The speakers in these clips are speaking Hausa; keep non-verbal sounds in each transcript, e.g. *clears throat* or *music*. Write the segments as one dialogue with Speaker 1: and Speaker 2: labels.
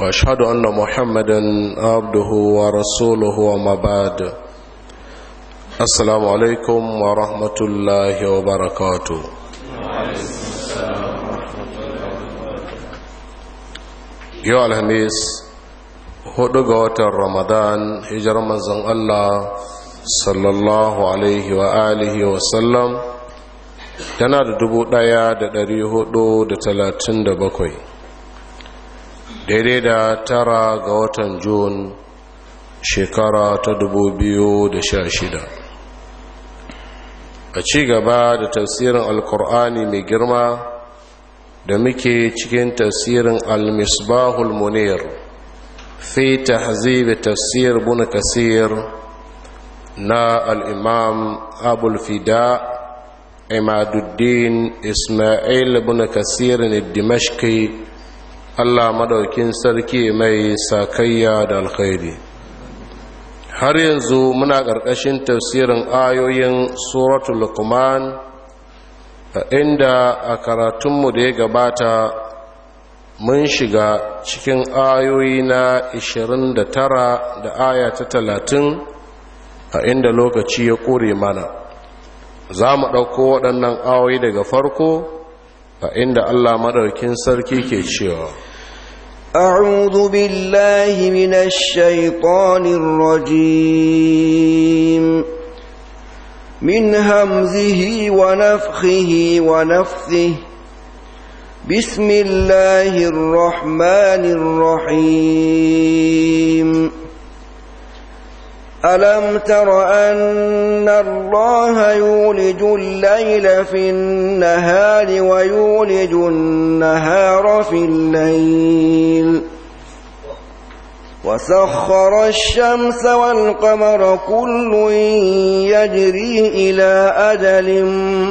Speaker 1: واشهد ان محمدا عبده ورسوله وما بعد السلام عليكم ورحمه الله وبركاته yau alhamis huɗu ga watan ramadan hijirar manzon allah sallallahu alaihi wa alihi wa sallam tana da dubu ɗaya da ɗari huɗu da talatin da bakwai daidai da tara ga watan jun shekara ta dubu biyu da sha shida. a ci gaba da tafsirin alkur'ani mai girma da muke cikin tafsirin al-misbahul munir fi tahzib tafsir bin kasir na al-imam abul fida imaduddin isma'il bin kasir ne dimashki Allah madaukin sarki mai sakayya da alkhairi har yanzu muna ƙarƙashin tafsirin ayoyin suratul luqman inda a karatunmu da ya gabata mun shiga cikin ayoyi na 29 da aya ta 30 a inda lokaci ya ƙure mana za mu ɗauko waɗannan ayoyi daga farko a inda Allah madarkin sarki ke cewa
Speaker 2: أعوذ بالله من الشيطان الرجيم من همزه ونفخه ونفثه بسم الله الرحمن الرحيم ألم تر أن الله يولج الليل في النهار ويولج النهار في الليل وسخر الشمس والقمر كل يجري إلى أجل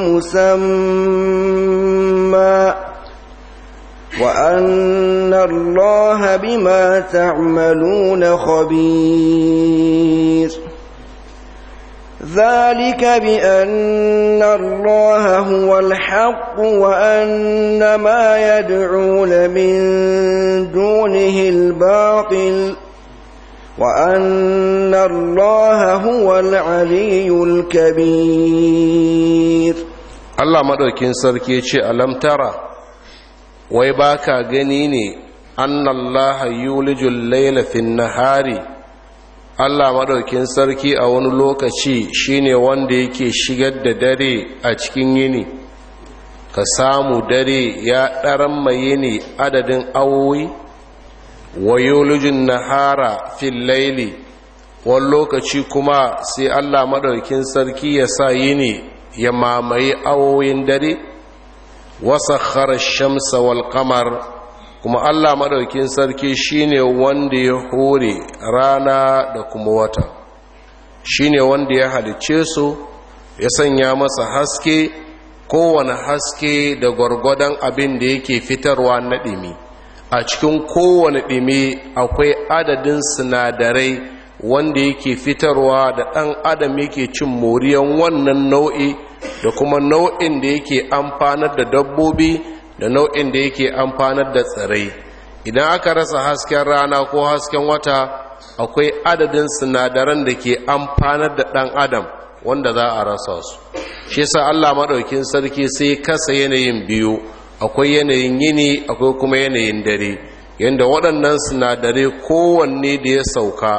Speaker 2: مسمى وأن الله بما تعملون خبير ذلك بأن الله هو الحق وأن ما يدعون من دونه الباطل وأن الله هو العلي الكبير
Speaker 1: الله مدوكين سركي ألم ترى wai ba ka gani ne annallaha yulijul laila fin nahari Allah maɗaukin sarki a wani lokaci shine wanda yake shigar da dare a cikin yini ka samu dare ya ɗaran mai yini adadin awowi wa yulijin nahara fin laili wani lokaci kuma sai Allah maɗaukin sarki ya sa yini ya mamaye awoyin dare wasakhara shamsa wal qamar kuma Allah madaukin sarki shine wanda ya hore rana da kuma wata shine wanda ya halice su ya sanya masa haske kowane haske da gwargwadon abin da yake fitarwa na ɗimi a cikin kowane ɗimi akwai adadin sinadarai wanda yake fitarwa da ɗan adam yake cin moriyan wannan nau'i da kuma nau'in da yake amfanar da dabbobi da nau'in da yake amfanar da tsirai idan aka rasa hasken rana ko hasken wata akwai adadin sinadaran da ke amfanar da ɗan adam wanda za a rasa su shi sa allah maɗaukin sarki sai kasa yanayin biyu akwai yanayin yini akwai kuma yanayin dare yadda waɗannan sinadarai kowanne da ya sauka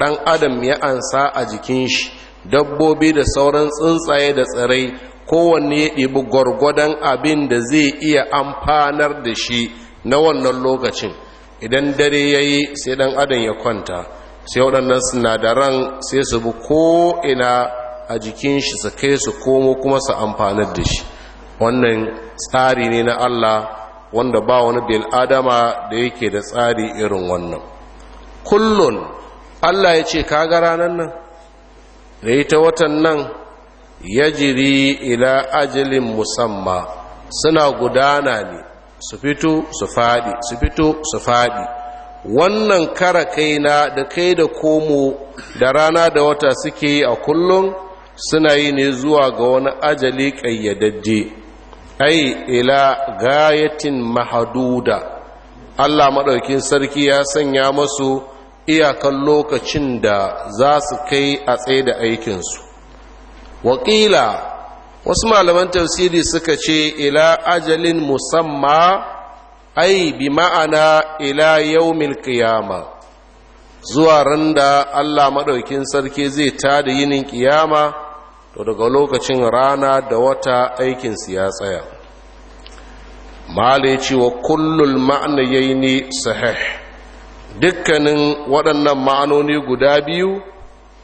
Speaker 1: ɗan adam ya ansa a jikin shi dabbobi da sauran tsuntsaye da tsirai kowanne ya ɗibi gwargwadon abin da zai iya amfanar da shi na wannan lokacin idan dare ya yi sai ɗan adam ya kwanta sai waɗannan sinadaran sai su bi ko'ina a jikin shi su kai su komo kuma su amfanar da shi wannan tsari ne na allah wanda ba wani bil adama da yake da tsari irin wannan kullun allah ya ce ka ga ranar nan da ita watan nan ya jiri ila ajalin musamma suna gudana ne su fito su faɗi su fito su faɗi wannan kara kaina da kai da komo da rana da wata suke yi a kullum suna yi ne zuwa ga wani ajali ƙayyadajje ai ila gayatin mahaduda allah maɗaukin sarki ya sanya masu iyakan lokacin da za su kai a tsaye da aikinsu wakila wasu malaman tafsiri suka ce ila ajalin musamma ai bi ma'ana ila yaumil kiyama zuwa randa allah maɗaukin sarki zai tada yinin kiyama to daga lokacin rana da wata aikinsu ya tsaya mala ya ce wa kullum ma'ana yayi ne sahih dukkanin waɗannan ma'anoni guda biyu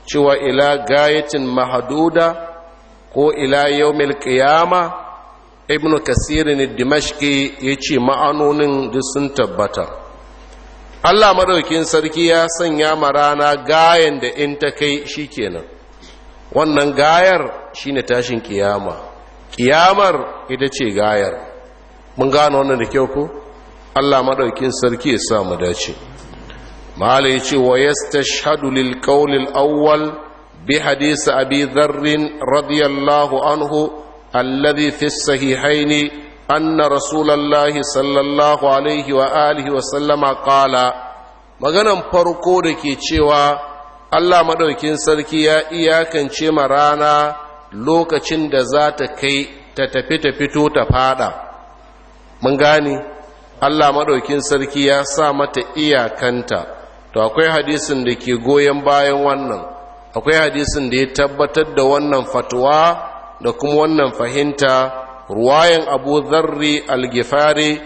Speaker 1: cewa ila gayatin mahaduda ko ila yaumil Kiyama, ibnu kasirin dimashki ya ce ma'anonin duk sun tabbata allah maɗaukin sarki ya sanya ma rana gayan da in ta kai shi kenan, wannan gayar shine tashin kiyama kiyamar ita ce gayar mun gano wannan da kyau ku? allah maɗaukin sarki ya sa mu dace mala ya ce wa yastashhadu lil qawlil awwal bi hadisi abi dharrin radiyallahu anhu alladhi fi sahihaini anna rasulallahi sallallahu alaihi wa alihi wa sallama qala maganan farko da ke cewa Allah maɗaukin sarki ya iyakance ma rana lokacin da za ta kai ta tafi ta fito ta fada mun gane Allah maɗaukin sarki ya sa mata iyakanta to akwai hadisin da ke goyon bayan wannan akwai hadisin da ya tabbatar da wannan fatuwa da kuma wannan fahimta ruwayan abu zarri algifari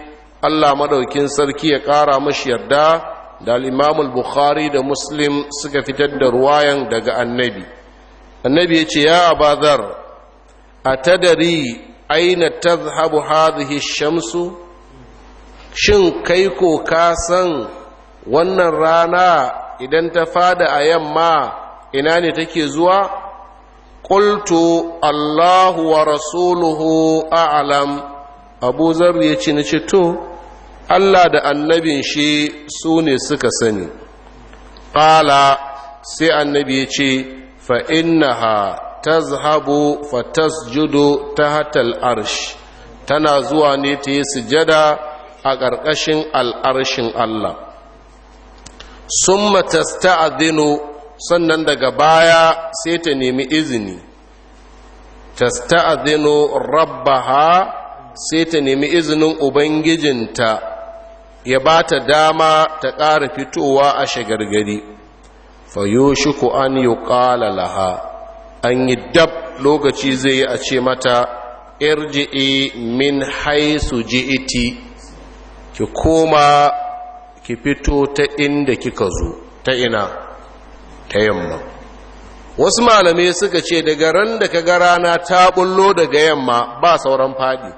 Speaker 1: allah Maɗaukin sarki ya ƙara mashi yarda da al'imamul bukhari da muslim suka fitar da ruwayan daga annabi annabi ya ce ya abazar a tadari aina tazhabu hadhihi shamsu shin kai ko ka san wannan rana idan ta fada a yamma ina ne take zuwa qultu Allahu wa rasuluhu a'lam Abu zarri ya ce to Allah da annabin shi su ne suka sani qala sai annabi ya ce fa innaha tazhabu fa tasjudu ta arsh tana zuwa ne ta yi sujada a ƙarƙashin al'arshin Allah sun matasta'adinu sannan daga baya sai ta nemi izini rabba rabbaha sai ta nemi izinin ubangijinta ya ba ta dama ta ƙara fitowa a shagargari fayoshiku an yi ƙala laha an yi dab lokaci zai yi a ce mata irji'i min haisu ji'iti ki koma ki fito ta inda kika zo ta ina ta yamma wasu malamai suka ce daga ran da ka ga rana ta bullo daga yamma ba sauran fadi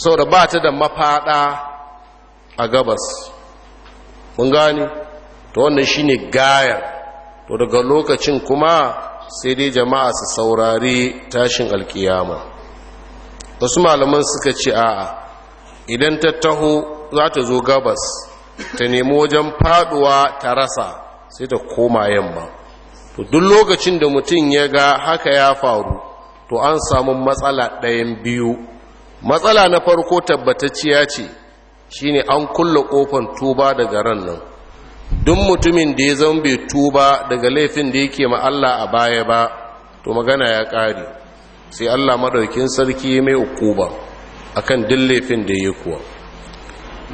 Speaker 1: saboda ba ta da mafada a gabas mun gane to wannan ne gaya, to daga lokacin kuma sai dai jama'a su saurari tashin alkiyama wasu malaman suka ce a'a idan ta taho za ta zo gabas ta nemi wajen faduwa ta rasa sai ta koma yamma to duk lokacin da mutum ya ga haka ya faru to an samu matsala ɗayan biyu matsala na farko tabbatacciya ce shine an kulle kofan tuba daga ran nan duk mutumin da ya zama bai tuba daga laifin da yake ma Allah a baya ba to magana ya ƙare sai Allah madaukin sarki mai ukuba akan duk laifin da yake kuwa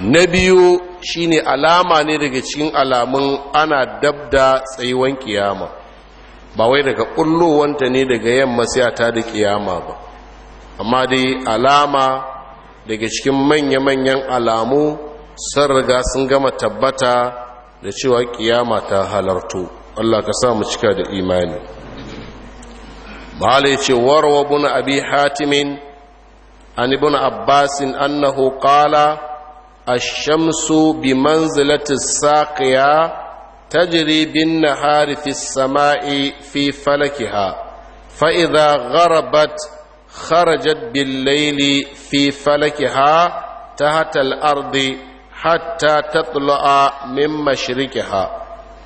Speaker 1: na biyu shi ne alama ne daga cikin alamun ana dabda tsayuwan kiyama ba wai daga kullowanta ne daga yamma sai da kiyama ba amma dai alama daga cikin manya-manyan alamu sun riga sun gama tabbata da cewa kiyama ta halarto Allah ka sa mu cika da imani mahala ce warwa buna abi hatimin an ibn abbasin annahu qala ashamsu bi manzilati saqiya tajri bin nahari fi samai fi falakiha fa idha gharabat kharajat bil layli fi falakiha tahta al ardi hatta tatla'a min mashriqiha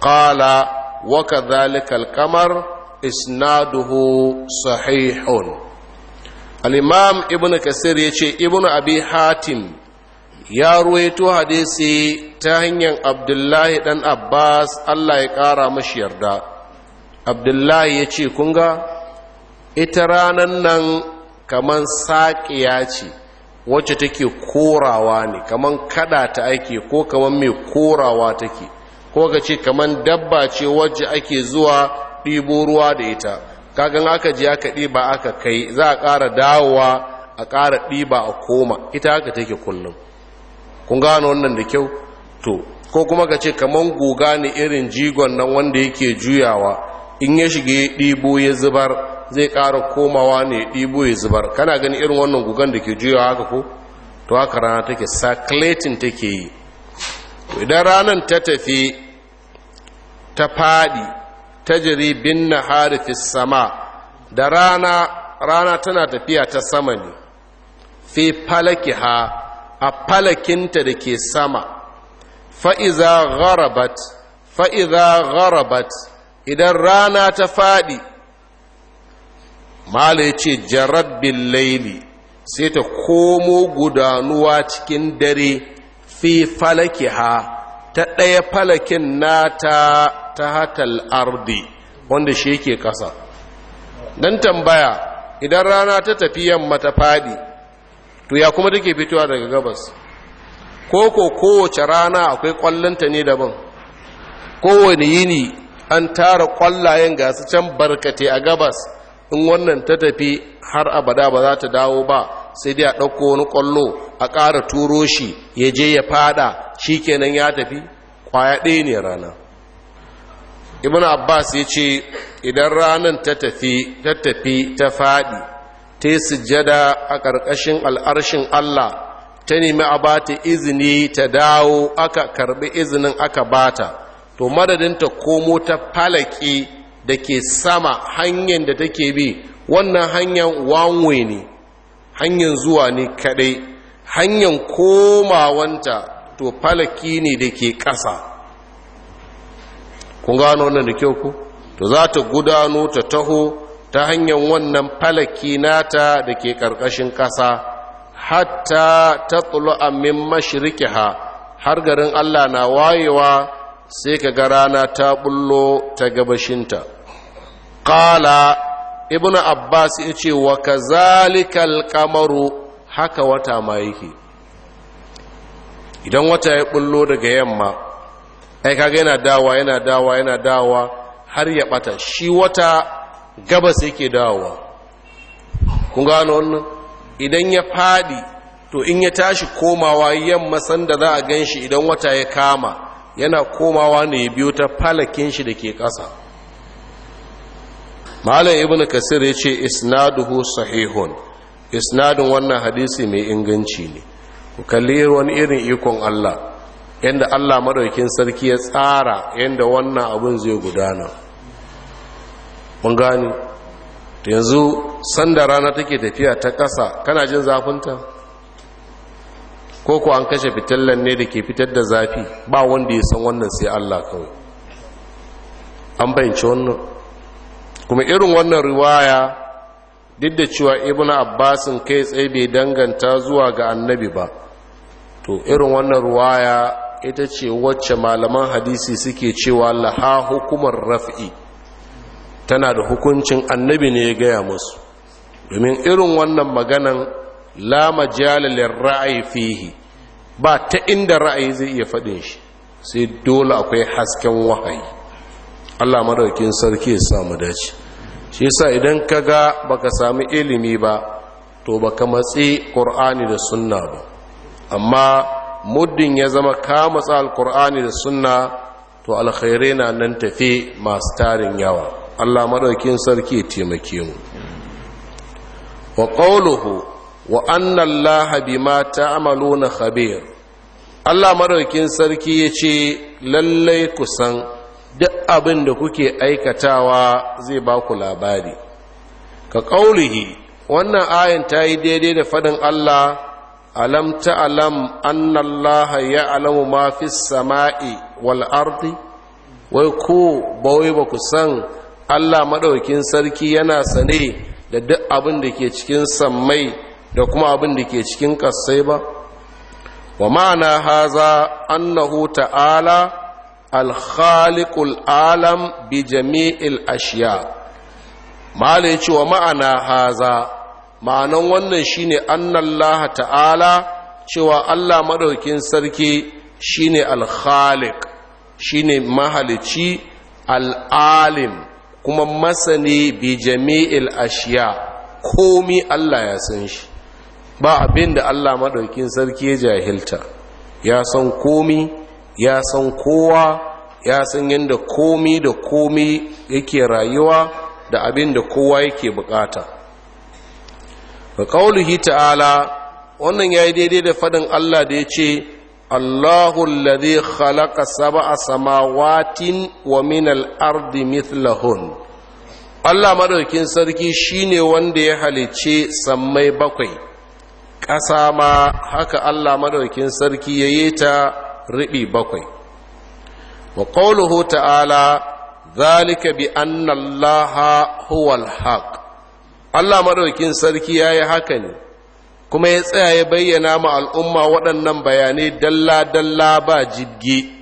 Speaker 1: qala wa kadhalika al qamar isnaduhu sahihun al imam ibnu kasir yace ibnu abi hatim ya ruwaito hadisi ta hanyar abdullahi dan abbas allah ya ƙara mashi yarda abdullahi ya ce kunga ita ranar nan kaman saƙiya ce wacce take korawa ne kaman kada ta ake ko kaman mai korawa take ko ka ce kaman dabba ce wacce ake zuwa ɗibo ruwa da ita kagan aka ji aka ɗiba aka kai za a ƙara dawowa a ƙara ɗiba a koma ita haka take kullum kun gano wannan da kyau to ko kuma ka ce kaman goga ne irin jigon nan wanda yake juyawa in ya shige ya ɗibo ya zubar zai ƙara komawa ne ya ɗibo ya zubar kana gani irin wannan gugan da ke juyawa haka ko to haka rana take circulating take yi idan ranar ta tafi ta faɗi ta bin na harifis sama da rana tana tafiya ta sama ne fi falaki ha a falakinta da ke sama fa'iza gharabat fa'iza gharabat idan rana ta faɗi mala ya ce jarabbin laili sai ta komo gudanuwa cikin dare fi falakiha ta ɗaya falakin nata ta hatal ardi wanda shi yake ƙasa don tambaya idan rana ta tafi yamma ta faɗi to ya kuma take fitowa daga gabas ko ko kowace rana akwai kwallonta ne daban kowane yini an tara kwallayen gasu can barkate a gabas in wannan ta tafi har abada ba za ta dawo ba sai dai a ɗauko wani kwallo a ƙara turo shi ya je ya fada shi kenan ya tafi kwaya ɗaya ne rana ibn abbas ya ce idan ranar ta tafi ta tafi ta faɗi ta yi sujjada a ƙarƙashin al'arshin Allah ta nemi a ba ta izini ta dawo aka karɓi izinin aka bata to madadin ta komo ta falaki da ke sama hanyar da take bi wannan hanyar wanwe ne hanyar zuwa ne kaɗai hanyar komawanta to falaki ne da ke ƙasa kun gano wannan da kyau ku to za ta gudano ta taho ta hanyar wannan falaki nata da ke ƙarƙashin ƙasa hatta ta tsulu'a min ha har garin allah na wayewa sai ka ga rana ta bullo ta gabashinta ƙala ibn abbas ya ce wa ka zalikal kamaru haka wata ma yake idan wata ya bullo daga yamma ai kaga yana dawa yana dawa yana dawa har ya bata shi wata gabas yake dawowa kun gano wannan idan ya fadi to in ya tashi komawa yamma sanda za a gan shi idan wata ya kama yana komawa ne ya biyo ta falakin shi da ke ƙasa malam Ibnu kasir ya ce isnaduhu sahihun isnadin wannan hadisi mai inganci ne ku kalli wani irin ikon allah yadda allah maɗaukin sarki ya tsara yadda wannan abin zai gudana mun gani yanzu sanda rana take tafiya ta kasa kana jin zafinta ko an kashe fitillan ne da ke fitar da zafi ba wanda ya san wannan sai allah kawai an bayanci wannan kuma irin wannan riwaya duk da cewa ibn abbasin kai tsaye bai danganta zuwa ga annabi ba to irin wannan riwaya ita ce wacce malaman hadisi suke cewa laha hukumar raf'i tana da hukuncin annabi ne ya gaya musu domin irin wannan maganan la majalalin ra'ayi fihi ba ta inda ra'ayi zai iya faɗin shi sai dole akwai hasken wahayi Allah madaukin sarki ya samu dace shi sa idan ka ga baka sami ilimi ba to baka matsi Kur'ani da sunna ba amma muddin ya zama ka matsa alqur'ani da sunna to alkhairai na nan tafi masu tarin yawa Allah maɗaukin sarki taimake mu wa qawluhu wa anna allaha bima ta'maluna khabir Allah maɗaukin sarki ya yace lallai kusan duk abin da kuke aikatawa zai ba ku labari ka ƙaulihi wannan ayan ta yi daidai da faɗin Allah alam ta'lam anna allaha ya'lamu ma fis sama'i wal ardi wai ko bawai ba ku san Allah maɗaukin sarki yana sane da duk abin da ke cikin samai da kuma abin da ke cikin ƙasai ba wa ma'ana haza annahu ta'ala alkhaliqul alam bi jami'il ashiya mala ce wa ma'ana haza ma'anan wannan shine annallaha ta'ala cewa Allah maɗaukin sarki shine alkhaliq shine mahalici al'alim kuma masani bi jami'il ashiya komi Allah ya san shi ba abin da Allah maɗaukin sarki ya jahilta ya san komi ya san kowa ya san yadda komi da komi yake rayuwa da abin da kowa yake bukata ga ta'ala wannan ya yi daidai da faɗin Allah da ya ce Allahu alladhi khalaqa sab'a samawatin wa min al-ardi mithlahun Allah madaukin sarki shine wanda ya halice sammai bakwai ƙasa ma haka Allah madaukin sarki yayi ta ribi bakwai wa qawluhu ta'ala zalika bi anna Allah huwa al-haq Allah madaukin sarki yayi haka ne kuma ya tsaya ya bayyana ma al'umma waɗannan bayanai dalla-dalla ba jibgi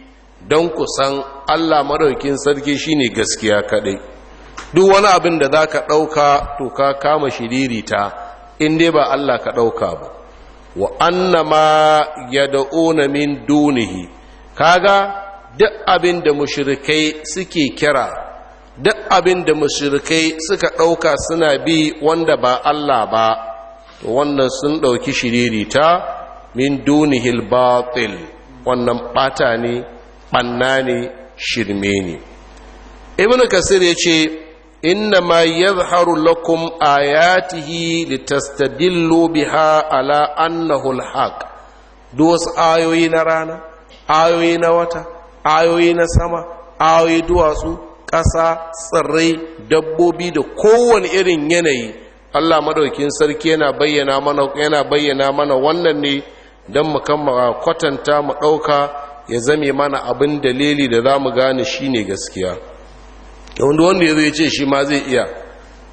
Speaker 1: don kusan allah maraukin sarki shi ne gaskiya kaɗai duk wani abin da za ka ɗauka to ka kama shiririta in dai ba allah ka ɗauka ba wa annama ya da'una min dunihi kaga duk abin da mashirikai suke kira duk abin da mashirikai suka ɗauka suna bi wanda ba Allah ba to wannan sun ɗauki shiririta min dunihil batil wannan ɓata ne ɓanna ne shirme ne ibn kasir ya ce inna ma yadhharu lakum ayatihi litastadillu biha ala annahu alhaq Dos ayoyi na rana ayoyi na wata ayoyi na sama ayoyi duwatsu ƙasa tsirrai dabbobi da kowane irin yanayi Allah madaukin sarki yana bayyana mana yana bayyana mana wannan ne don mu kan kwatanta mu ɗauka ya zame mana abin dalili da za mu gane shi ne gaskiya wanda wanda ya zai ce shi ma zai iya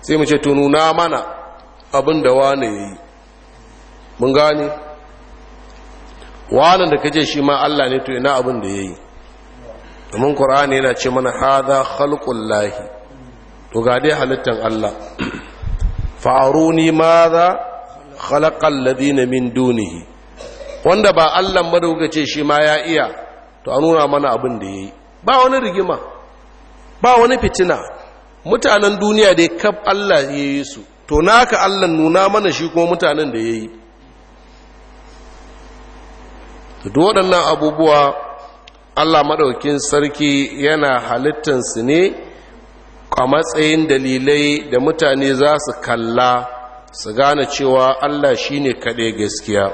Speaker 1: sai mu ce to nuna mana abin da wane ya yi mun gane Wani da kace shi ma Allah ne to ina abin da ya yi domin ƙur'ani yana ce mana hadha khalqullahi to ga dai halittar Allah *clears throat* fa'aruni ma za khalaqal ladina min dunihi wanda ba Allah madauka ce shi ma ya iya to a nuna mana abin da ya yi. ba wani rigima ba wani fitina mutanen duniya da ya kaf Allah yi su to naka Allah nuna mana shi kuma mutanen da yayi to duk waɗannan abubuwa Allah madaukin sarki yana halittansu ne a matsayin dalilai da mutane za su kalla su gane cewa Allah shi ne kaɗai gaskiya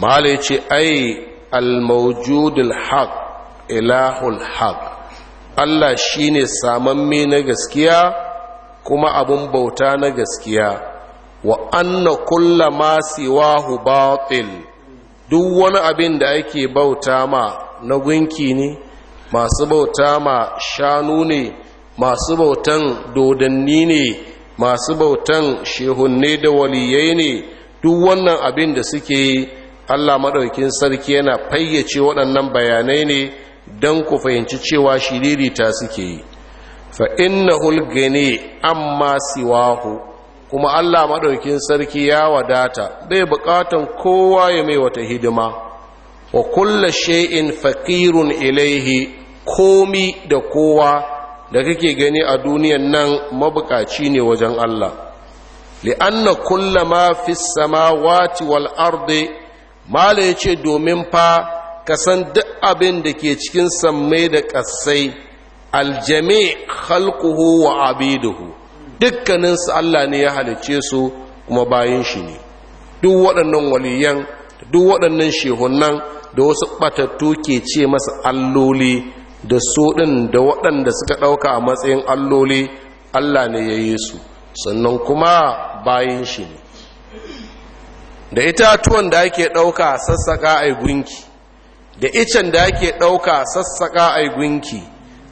Speaker 1: malai ce ai almaujudul haq ilahul haq Allah shi ne samanme na gaskiya kuma abin bauta na gaskiya wa anna kulla ma hu batil duk wani abin da ake bauta ma na gunki ne masu bauta ma shanu ne masu bautan dodanni ne masu bautan shehunne da waliyai ne duk wannan abin da suke yi allah maɗaukin sarki yana fayyace waɗannan bayanai ne don ku fahimci cewa shiririta suke yi fa inna ne amma siwahu kuma allah maɗaukin sarki ya wadata bai buƙatan kowa ya mai wata hidima wa kulla shay'in faqirun ilaihi komi da kowa da kake gani a duniyan nan mabukaci ne wajen Allah li'anna kullama fi samawati wal ardi mala yace domin fa ka san duk abin da ke cikin sammai da ƙasai aljami khalquhu wa abiduhu dukkaninsu Allah ne ya halice su kuma bayin shi ne duk waɗannan waliyan duk waɗannan shehunan da wasu batattu ke ce masa alloli da su ɗin da waɗanda suka ɗauka a matsayin alloli allah ne ya yi su sannan kuma bayan shi ne da itatuwan da ake ɗauka sassaƙa a gunki da icen da ake ɗauka sassaƙa a gunki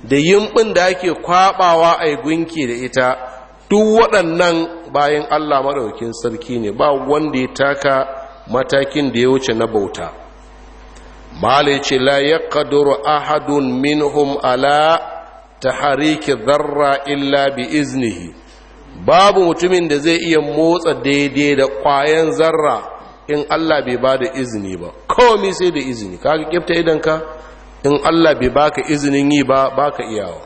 Speaker 1: da yimɓin da ake kwaɓawa a gunki da ita duk waɗannan bayan allah maɗaukin sarki ne ba wanda ya taka matakin da ya wuce na bauta malai ce la ya ahadun minhum ala ta hariki zarra illa bi iznihi babu mutumin da zai iya motsa daidai da ƙwayan zarra in allah bai ba da izini ba komi sai da izini kaga kifta idanka in allah bai baka izinin yi ba baka iyawa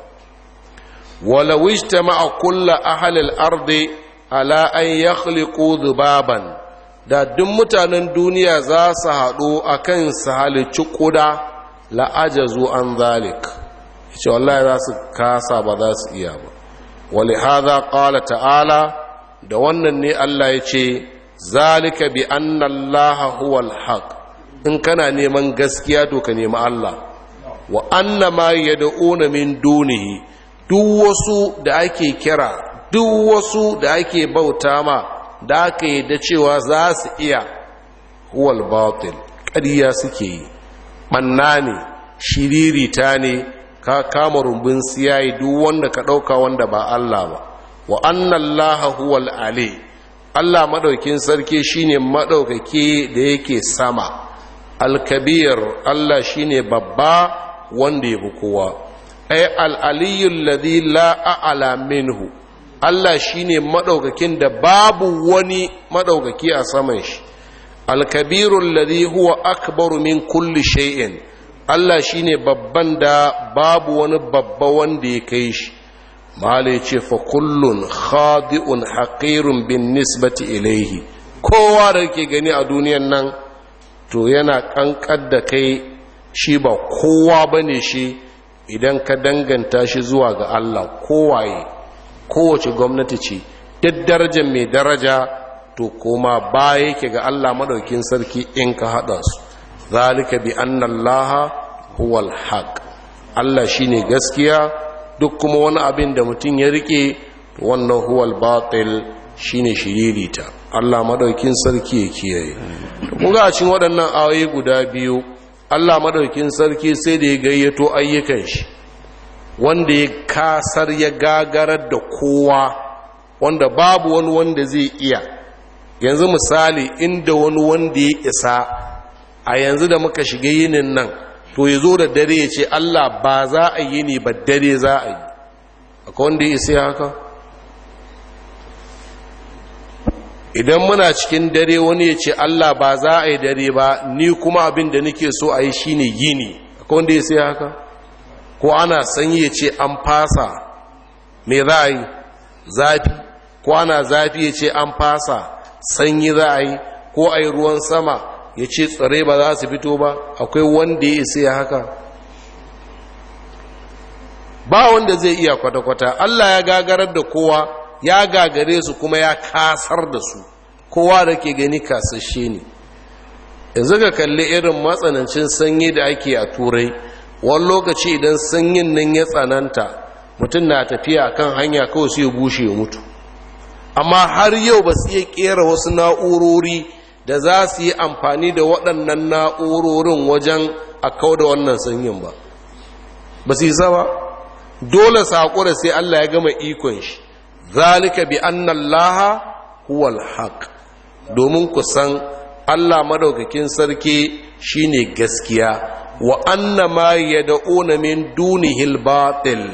Speaker 1: wala ma'a kulla ahalil ardi ala an yakhliqu dhubaban da duk mutanen duniya za su haɗu a kan su halicci la'ajar la'ajazu an zalik ce wallahi za su kasa ba za su iya ba wali haza ƙala ta'ala da wannan ne Allah ya ce zalika bi annallaha huwal haq in kana neman gaskiya to ka nemi Allah wa annama da min dunihi duk wasu da ake kira duk wasu da ake bauta ma da aka yi da cewa za su iya huwal batil ƙariya suke yi ɓanna ne shiririta ne ka kama rumbun siyayi duk wanda ka ɗauka wanda ba Allah ba wa annan laha huwal ale Allah maɗaukin sarki shine maɗaukaki da yake sama alkabir Allah shine babba wanda ya fi kowa ai al'aliyun ladi la minhu Allah shi ne maɗaukakin da babu wani maɗaukaki a saman shi alkabiru alladhi huwa akbaru min kulli shay'in Allah shi ne babban da babu wani babba wanda ya kai shi malai ce fa kullun khadi'un haqirun bin nisbati ilaihi kowa da ke gani a duniyan nan to yana kankar da kai shi ba kowa bane shi idan ka danganta shi zuwa ga Allah kowaye kowace gwamnati ce duk darajar mai daraja to koma baya yake ga Allah madaukin sarki in ka haɗa su zalika bi annallaha huwal haq Allah shine gaskiya duk kuma wani abin da mutum ya rike wannan huwal batil shine shiririta Allah madaukin sarki ya kiyaye Kuma ga cikin waɗannan ayoyi guda biyu Allah madaukin sarki sai da ya gayyato ayyukan shi wanda ya kasar ya gagarar da kowa wanda babu wani wanda zai iya yanzu misali inda wani wanda ya isa a yanzu da muka shiga yinin nan to ya zo da dare ya ce allah ba za a yi ne ba dare za a yi akwai wanda ya isa haka idan muna cikin dare wani ya ce allah ba za a yi dare ba ni kuma abin da nake so a yi shine yini akwai wanda ya isa haka ko ana sanyi ce an fasa me za zafi ko ana zafi ya ce an fasa sanyi za a yi ko a ruwan sama ya ce tsare ba za su fito ba akwai wanda ya isa ya haka ba wanda zai iya kwata-kwata allah ya gagarar da kowa ya gagare su kuma ya kasar da su kowa da ke gani kasashe ne yanzu ga kalli irin matsanancin sanyi da ake a turai wani lokaci idan sanyin nan ya tsananta mutum na tafiya kan hanya kawai sai yi bushe mutu amma har yau ba su iya kera wasu na'urori da za su yi amfani da waɗannan na'urorin wajen a kawo da wannan sanyin ba ba su yi ba dole saƙura sai allah ya gama ikon shi zalika bi annan laha huwal haƙ domin ku san allah madaukakin sarki shine gaskiya wa anna ma yad'una min dunihil batil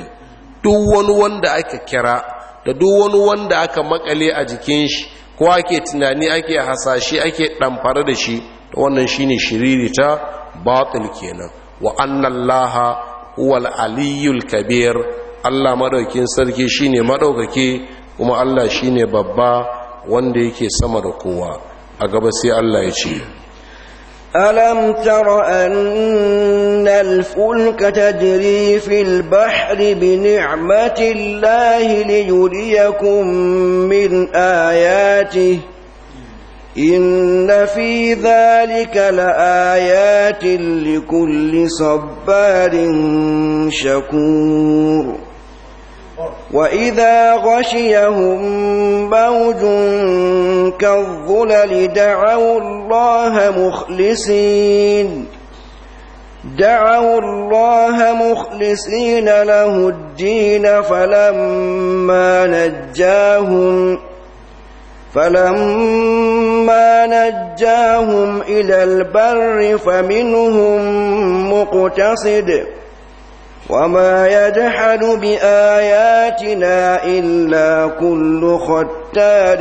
Speaker 1: duk wani wanda aka kira da duk wani wanda aka makale a jikin shi ko ake tunani ake hasashe ake damfara da shi to wannan shine shiririta batil kenan wa anna allaha huwal kabir Allah madaukin sarki shine madaukake kuma Allah shine babba wanda yake sama da kowa a gaba sai Allah ya ce
Speaker 2: ألم تر أن الفلك تجري في البحر بنعمة الله ليريكم من آياته إن في ذلك لآيات لكل صبار شكور وإذا غشيهم موج كالظلل دعوا الله مخلصين دعوا الله مخلصين له الدين فلما نجاهم فلما نجاهم إلى البر فمنهم مقتصد وما يجحد بآياتنا إلا كل ختار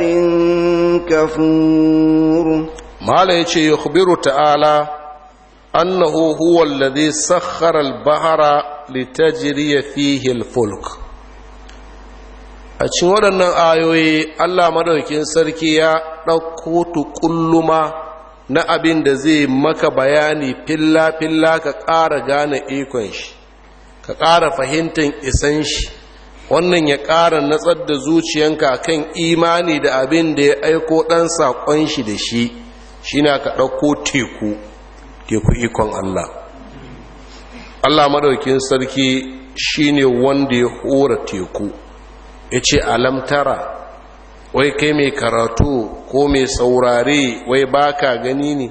Speaker 2: كفور
Speaker 1: ما ليش يخبر تعالى أنه هو الذي سخر البحر لتجري فيه الفلك a cikin waɗannan ayoyi allah maɗaukin sarki ya ɗauko tuƙulluma na abin da zai maka bayani filla-filla ka ƙara gane ikon shi ka ƙara fahimtar isan shi wannan ya ƙara natsar da zuciyanka kan imani da abin da ya aiko ɗan saƙon shi da shi shi na ka ɗauko teku teku ikon Allah Allah maɗaukin sarki shi ne wanda ya hora teku ya ce alamtara wai kai mai karatu ko mai saurare wai baka gani ne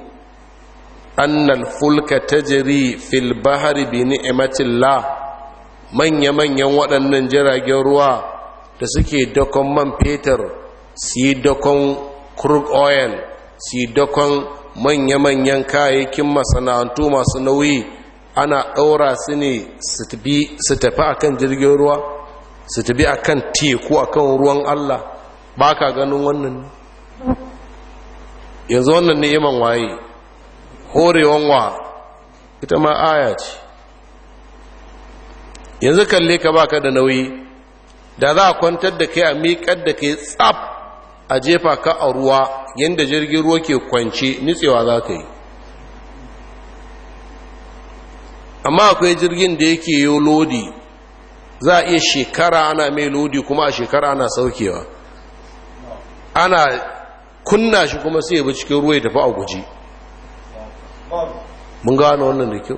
Speaker 1: annal fulka tajri fil bahari bi ni'matillah manya-manyan waɗannan jiragen ruwa da suke dakon man fetur su yi dakon crude oil su yi dakon manya-manyan kayayyakin masana'antu masu nauyi ana ɗaura su ne su tafi akan jirgin ruwa su tafi akan teku a kan ruwan allah ba ka ganin wannan ne yanzu wannan ne iman waye horewan wa ita ma aya ce yanzu kalle ka ba ka da nauyi da za a kwantar da kai a miƙar da kai tsaf a jefa ka a ruwa yadda jirgin ruwa ke kwance nitsewa za ka yi amma akwai jirgin da yake yi lodi za a iya shekara ana mai lodi kuma a shekara ana saukewa ana kunna shi kuma sai ya bi cikin ruwa ya tafi a guji mun gano wannan da kyau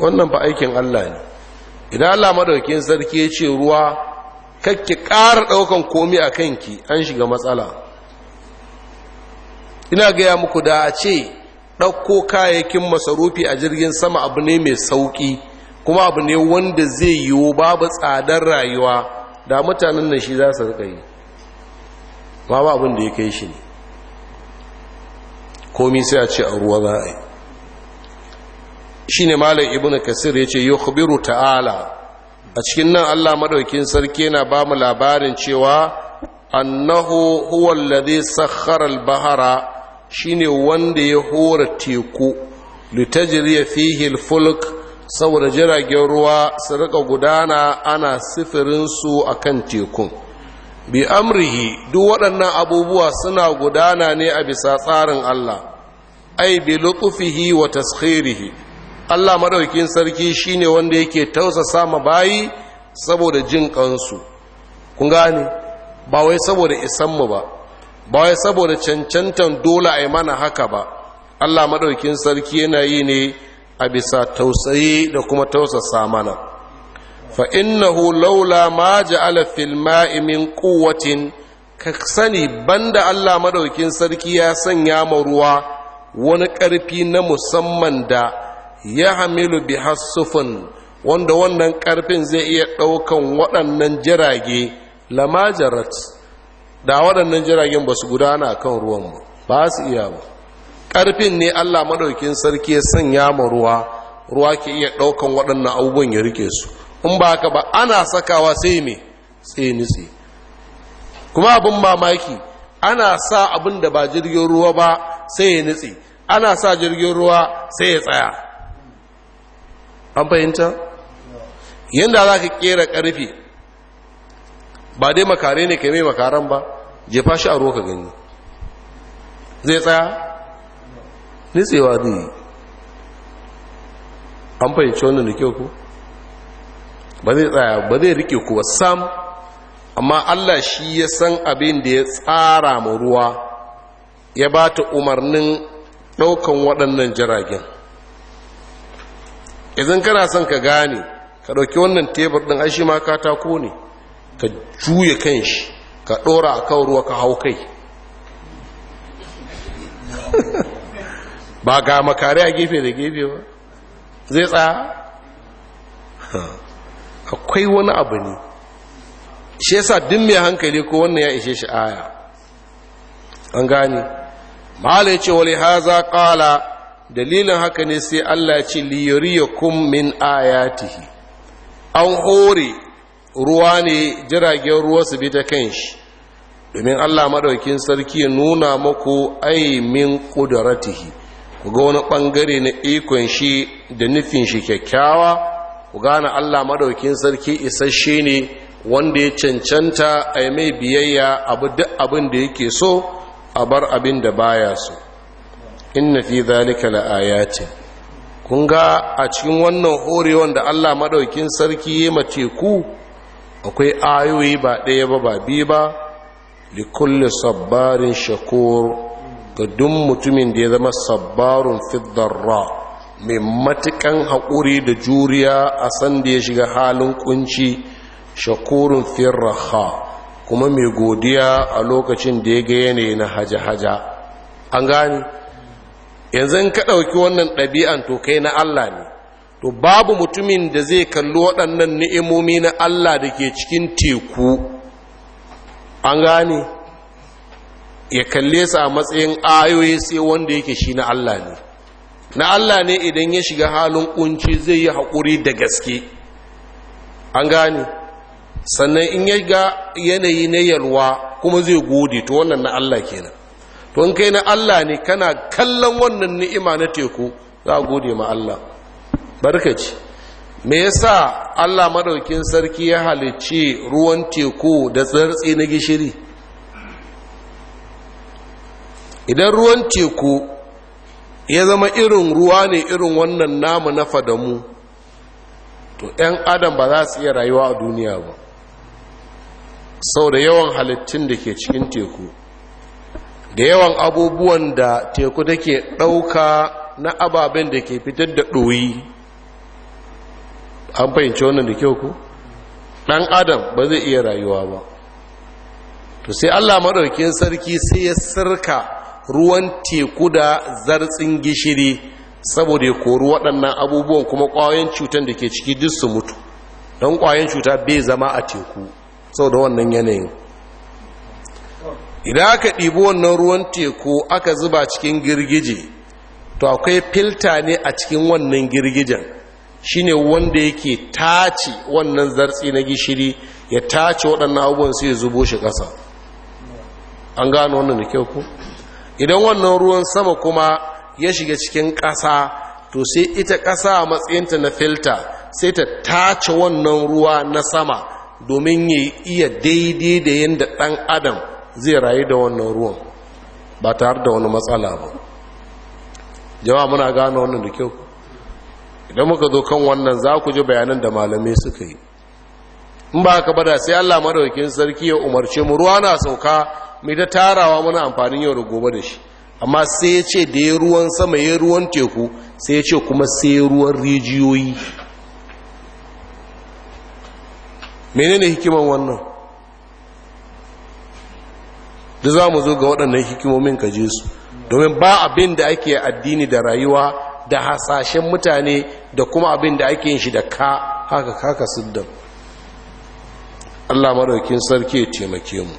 Speaker 1: wannan ba aikin Allah ne idan Allah madaukakin sarki ya ce ruwa kakki ƙara ɗaukan komi a kanki an shiga matsala ina gaya muku da a ce ɗauko kayayyakin masarufi a jirgin sama abu ne mai sauƙi kuma abu ne wanda zai yiwu babu tsadar rayuwa da mutanen nan shi za su rika yi babu abin da ya kai shi ne komi sai a ce a ruwa za a yi shine malam ibnu kasir yace yukhbiru ta'ala a cikin nan Allah maɗaukin sarki yana ba mu labarin cewa annahu huwa alladhi sakhkhara al-bahara shine wanda ya hora teku litajriya fihi al-fulk saboda jiragen ruwa su rika gudana ana sifirin su akan tekun bi amrihi duk waɗannan abubuwa suna gudana ne a bisa tsarin Allah ai bi lutufihi wa taskhirihi Allah maraukin sarki shine wanda yake tausasa ma bayi saboda jin kansu kun gane ba wai saboda isan mu ba ba wai saboda cancantan dole a yi mana haka ba Allah madaukin sarki yana yi ne a bisa tausayi da kuma tausasa mana fa innahu laula ma ja'ala fil ma'i min quwwatin ka sani banda Allah madaukin sarki ya sanya ma ruwa wani karfi na musamman da ya hamilu bi hassufin wanda wannan ƙarfin zai iya ɗaukan waɗannan jirage lamajarat da waɗannan jiragen ba su gudana kan ruwan ba ba su iya ba ƙarfin ne allah maɗaukin sarki ya sanya ma ruwa ruwa ke iya ɗaukan waɗannan abubuwan ya rike su in ba haka ba ana sakawa sai me sai nitsi kuma abin mamaki ana sa abin da ba jirgin ruwa ba sai ya nitsi ana sa jirgin ruwa sai ya tsaya an fahimta yadda za ka kera karfe ba dai makare ne ka mai makaran ba jefa shi a ruwa ka gani zai tsaya nitsewa zai yi an fahimci wannan da kyau ku ba zai tsaya ba zai rike ku ba sam amma allah shi ya san abin da ya tsara ma ruwa ya ba ta umarnin ɗaukan waɗannan jiragen idan kana son ka gane ka ɗauki wannan tebur ɗin ai shima ma katako ne ka juya kan shi ka ɗora a kan ruwa ka hau kai *laughs* ba ga makare a gefe da gefe ba zai tsaya *laughs* akwai wani abu ne shi yasa din mai hankali ko wannan ya ishe shi aya an gane ya ce wali haza kala dalilin haka ne sai Allah ya ce liyuriyakum min ayatihi an hore ruwa ne jiragen ruwa su bi ta kan shi domin Allah madaukin sarki ya nuna muku ai min qudratihi ku ga wani bangare na ikon shi da nufin shi kyakkyawa ku gane Allah madaukin sarki isasshe ne wanda ya cancanta a mai biyayya abu duk abin da yake so a bar abin da baya so inna fi zalika laayatin kun ga a cikin wannan horewan da Allah madaukin sarki ya mace ku akwai ayoyi ba ɗaya ba ba biyu ba li kulli sabbarin shakur ga duk mutumin da ya zama sabbarun fi mai matukan haƙuri da juriya a san da ya shiga halin kunci shakurun firraha kuma mai godiya a lokacin da ya ga yanayi na haja-haja an gani yanzu in ka ɗauki wannan ɗabi'an to kai na Allah ne to babu mutumin da zai kalli waɗannan ni'imomi na Allah da ke cikin teku an gane ya kalle su a matsayin ayoyi sai wanda yake shi na Allah ne na Allah ne idan ya shiga halin kunci zai yi haƙuri da gaske an gane sannan in ya ga yanayi na yalwa kuma zai gode to wannan na Allah kenan to kai na Allah ne kana kallon wannan ni'ima na teku za a gode ma Allah barkaci me yasa Allah madaukin sarki ya halicci ruwan teku da tsartsi na gishiri idan ruwan teku ya zama irin ruwa ne irin wannan namu na fadamu to 'yan adam ba za su iya rayuwa a duniya ba sau da yawan halittun da ke cikin teku da yawan abubuwan da teku take ɗauka na ababen da ke fitar da ɗoyi an fahimci wannan da kyau ku ɗan adam ba zai iya rayuwa ba to sai allah maɗaukin sarki sai ya sarka ruwan teku da zartsin gishiri saboda ya kori waɗannan abubuwan kuma ƙwayoyin cutar da ke ciki duk su mutu don ƙwayoyin cuta bai zama a teku da wannan yanayin idan aka ɗibi wannan ruwan teku aka zuba cikin girgije to akwai filta ne a cikin wannan girgijen shine wanda yake tace wannan zartsi na gishiri ya tace waɗannan abubuwan sai ya zubo shi ƙasa an gano wannan da kyau ku idan wannan ruwan sama kuma ya shiga cikin ƙasa to sai ita ƙasa a matsayinta na filta sai ta tace wannan ruwa na sama domin ya iya daidai da yadda ɗan adam zai rayu da wannan ruwan ba tare da wani matsala ba jama'a muna gano wannan da kyau idan muka zo kan wannan za ku ji bayanan da malamai suka yi in ba ka bada sai Allah madaukin sarki ya umarce mu ruwa na sauka mai ta tarawa muna amfanin yau da gobe da shi amma sai ya ce da ya ruwan sama ya ruwan teku sai ya ce kuma sai ya ruwan rijiyoyi menene hikiman wannan duk za mu zo ga waɗannan hikimomin ka je su domin ba abin da ake addini da rayuwa da hasashen mutane da kuma abin da ake yin shi da ka haka kaka siddam Allah maraukin sarki ya taimake mu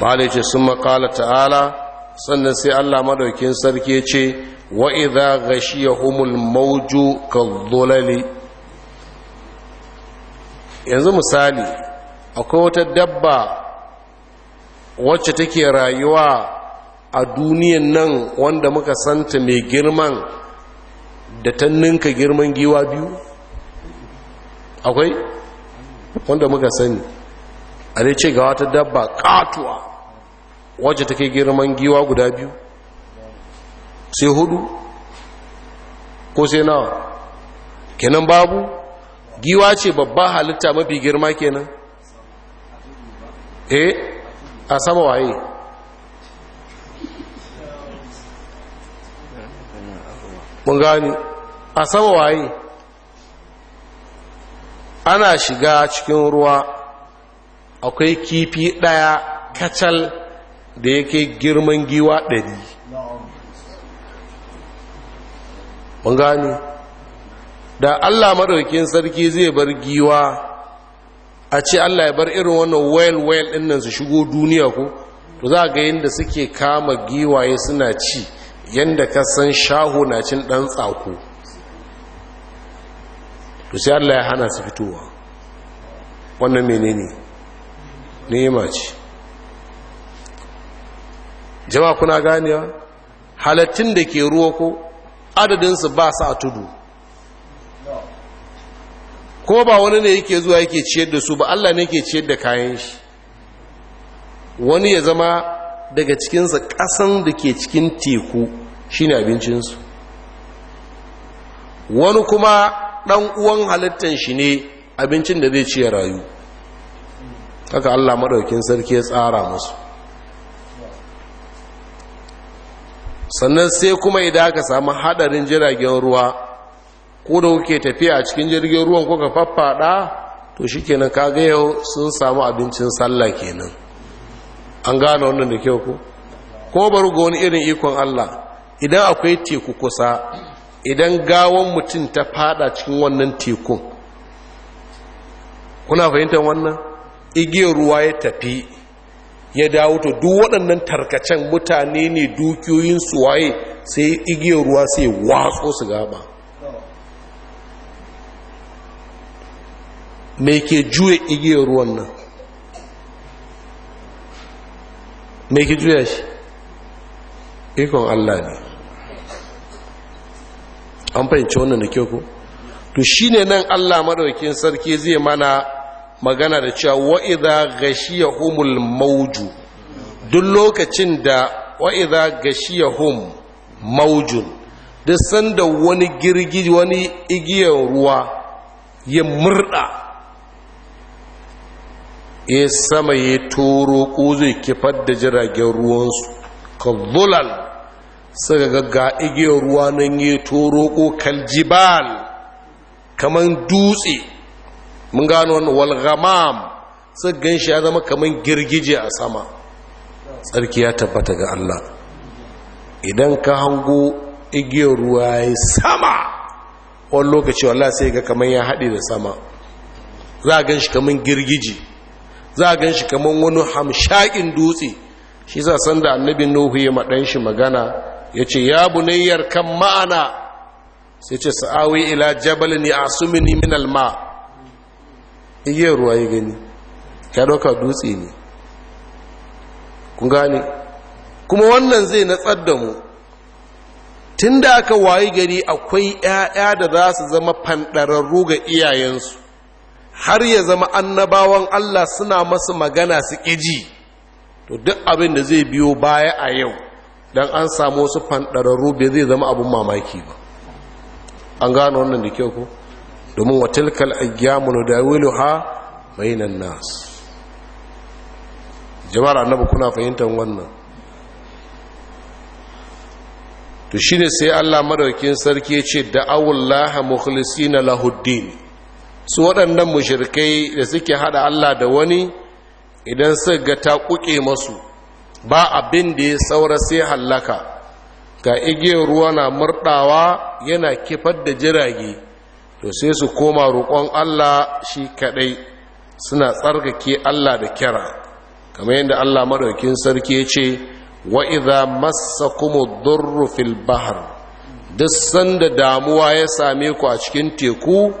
Speaker 1: malice sun makala ta'ala sannan sai Allah maraukin sarki ya ce wa idha ghashiyahumul mawju kadhulali yanzu misali akwai wata dabba wacce take rayuwa a duniyan nan wanda muka santa mai girman da ta ninka girman giwa biyu akwai wanda muka sani a dai ce ga wata dabba katuwa wacce take girman giwa guda biyu sai hudu ko sai nawa kenan babu giwa ce babba halitta mafi girma kenan eh a sama waye mun gani a sama waye ana shiga cikin ruwa akwai kifi ɗaya kacal da yake girman giwa ɗari mun gani da allah maɗaukin sarki zai bar giwa a ce allah ya bar irin wannan wail wail ɗin su shigo duniya ko to za ga yadda suke kama giwaye suna ci yadda ka san shaho na cin ɗan tsako to sai allah ya hana su fitowa wannan menene ma ce jama'a kuna ganewa halattun da ke ruwa ko adadinsu ba sa a tudu ko ba wani ne yake zuwa yake ciyar da su ba Allah ne yake ciyar da kayan shi wani ya zama daga cikinsa ƙasan da ke cikin teku shine abincinsu wani kuma ɗan uwan halittar shi ne abincin da zai ciye rayu haka Allah maɗaukin sarki ya tsara musu sannan sai kuma idan aka samu haɗarin jiragen ruwa ko da kuke tafiya cikin jirgin ruwan kuka faffaɗa to shikenan ka ga yau sun samu abincin sallah kenan an gane wannan da kyau ko. ko bar ga wani irin ikon Allah idan akwai teku kusa idan gawon mutum ta fada cikin wannan tekun kuna fahimtar wannan igiyar ruwa ya tafi ya dawo to duk waɗannan tarkacen mutane ne dukiyoyin suwaye sai igiyar ruwa sai watso su gaba mai ke juya igiyar ruwan nan mai ke juya shi ikon Allah ne an fahimci wannan da kyau ku. to shine nan Allah maɗaukin sarki zai mana magana da cewa ga shi ya humul mawujo duk lokacin da ga shi ya ghashiyahum mawujo duk sanda wani girgiji wani igiyar ruwa ya murda ya sama ya toro ko zai kifar da jiragen ruwansu Ka kazzulal suka ga igiyar ruwa nan ya toro ko kaljibal kamar dutse mun gano wani walgamam suka gan shi ya zama kaman girgije a sama tsarki ya tabbata ga Allah idan ka hango igiyar ruwa ya sama wani lokaci wallah sai ga kamar ya haɗe da sama za a gan shi kaman girgije za a ganshi kamar wani hamshakin dutse shi sa san da annabi nuhu ya maɗan shi magana ce ya bunayyar kan ma'ana sai ce sa'awi ila jabalin ya'sumuni min alma igiyar ruwa ya gani ya dauka dutse ne kun gane kuma wannan zai natsar da mu tun da aka wayi gari akwai 'ya'ya da za su zama fanɗararru ga iyayensu har ya zama annabawan Allah suna masu magana su ƙiji to duk abin da zai biyo baya a yau don an samu wasu fanɗararru bai zai zama abin mamaki ba an gano wannan da kyau ku. domin watilkal ayyamun da wilu ha bainan nas jama'ar annabi kuna fahimtar wannan to ne sai Allah madaukin sarki ce da ce laha mukhlisina lahuddini su waɗannan mushirkai da suke hada Allah da wani idan suka ga ta kuke masu ba abin da ya saura sai hallaka ga igiyar ruwa na murdawa yana kifar da jirage to sai su koma roƙon Allah shi kaɗai, suna tsarkake Allah da kira kamar yadda Allah madaukin sarki ya ce wa iza massakum kuma fil bahar, duk sanda damuwa ya same ku a cikin teku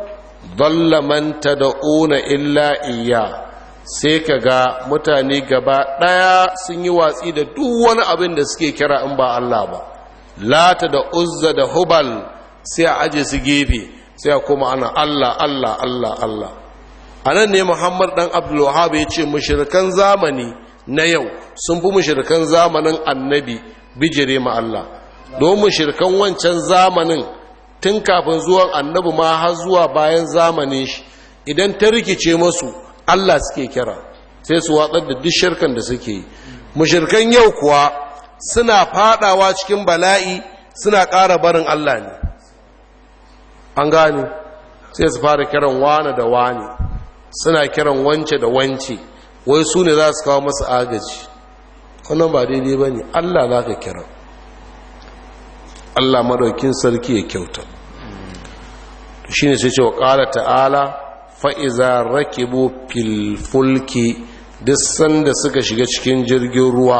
Speaker 1: dalla man tad'una illa iyya sai ka ga mutane gaba ɗaya sun yi watsi da duk wani abin da suke kira in ba Allah ba lata da uzza da hubal sai a aje su gefe sai a kuma ana Allah Allah Allah Allah a nan ne Muhammad ɗan Abdul Wahhab ya ce mushrikan zamani na yau sun fi mushrikan zamanin annabi bijire ma Allah don mushrikan wancan zamanin tun kafin zuwan annabi ma har zuwa bayan zamanin shi idan ta rikice masu Allah suke kira sai su watsar da duk shirkan da suke yi mushirkan yau kuwa suna fadawa cikin bala'i suna ƙara barin Allah ne an gane sai su fara kiran wane da wane suna kiran wance da wance wai su ne za su kawo masu agaji wannan ba daidai ba ne Allah za ka kira Allah madaukin sarki ya kyauta shi ne sai ce wa ƙala ta'ala fa'iza rakibu filfulki duk sanda suka shiga cikin jirgin ruwa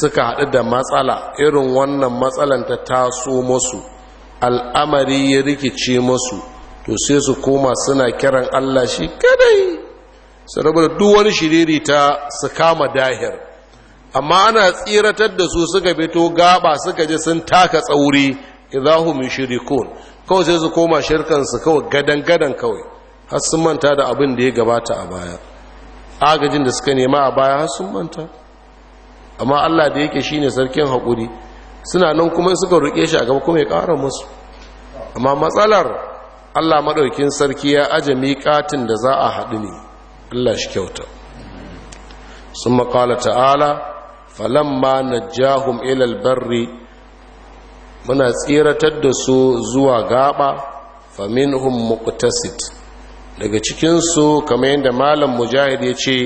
Speaker 1: suka haɗu da matsala irin wannan matsalan ta taso masu al'amari ya rikice masu to sai su koma suna kiran Allah shi kadai su duk wani shiriri ta su kama dahir amma ana tsiratar da su suka fito gaba suka ji sun taka tsauri idahum yushrikun kawai sai su koma shirkan su kawai gadan gadan kawai har sun manta da abin da ya gabata a baya agajin da suka nema a baya har sun manta amma Allah da yake shine sarkin hakuri suna nan kuma suka ruke shi a gaba kuma ya ƙara musu amma matsalar Allah madaukin sarki ya aje miƙatin da za a haɗu ne Allah shi kyauta sun maƙala ta'ala falamma najjahum ila albarri muna tsiratar da su zuwa gaba faminhum muqtasid daga cikin su kamar yadda malam mujahid ya ce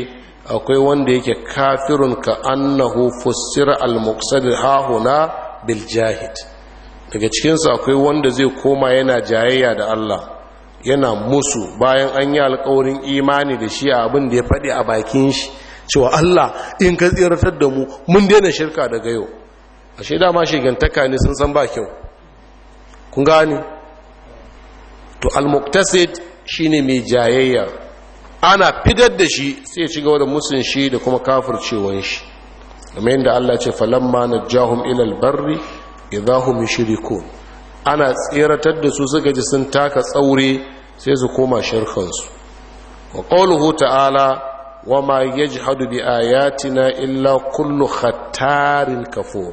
Speaker 1: akwai wanda yake kafirun ka annahu fussira al hahuna bil jahid daga cikin su akwai wanda zai koma yana jayayya da Allah yana musu bayan an yi alkawarin imani da shi abin da ya faɗi a bakin shi cewa Allah in ka tsiratar da mu mun daina shirka daga yau ashe dama shigantaka ne sun san ba kyau kun gane to al-muqtasid shine mai jayayya ana fidar da shi sai ya ci gaba da musun shi da kuma kafircewan shi kamar yadda Allah ce falamma najahum ila al-barri idahum yushrikun ana tsiratar da su suka ji sun taka tsaure sai su koma shirkansu wa qawluhu ta'ala wama yajhadu bi ayatina illa kullu khattarin kafur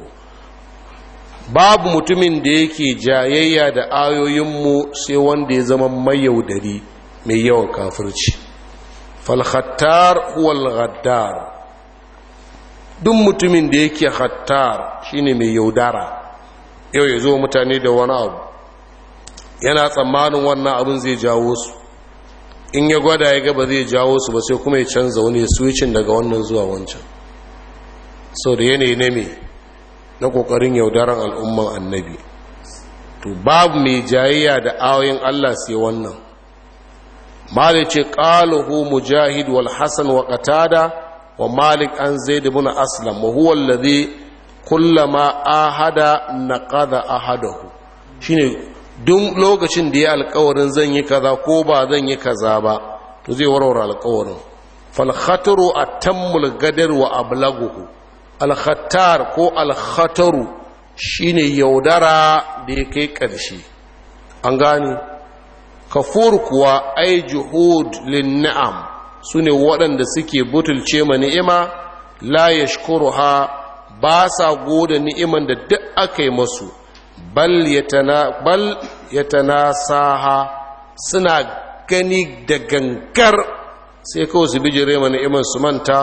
Speaker 1: babu mutumin da yake jayayya da ayoyinmu sai wanda ya zama mayaudari mai yawan kafirci fal khattar huwal ghaddar duk mutumin da yake khattar shine mai yaudara yau ya zo mutane da wani abu yana tsammanin wannan abin zai jawo su in ya gwada ya gaba zai jawo su ba sai kuma ya canza wani switching daga wannan zuwa wancan sau da yanayi na mai na kokarin yaudaran al'umman annabi to babu mai jayayya da ayoyin allah sai wannan malik ce mujahid wal hasan wa qatada wa malik an zai da muna aslam ma huwa alladhi kullama ahada naqada ahadahu shine duk lokacin da ya alkawarin zan yi kaza ko ba zan yi kaza ba to zai warware alkawarin falkhataru a tammul gadar wa ablaguhu alkhatar ko alkhataru shine yaudara da ya kai ƙarshe an gane kafur kuwa ai juhud lin ni'am su ne waɗanda suke butulce ma ni'ima la yashkuruha ba sa goda ni'iman da duk aka yi masu bal ya tana saha suna gani da gangar sai kawai su bijire ma ni'imar su manta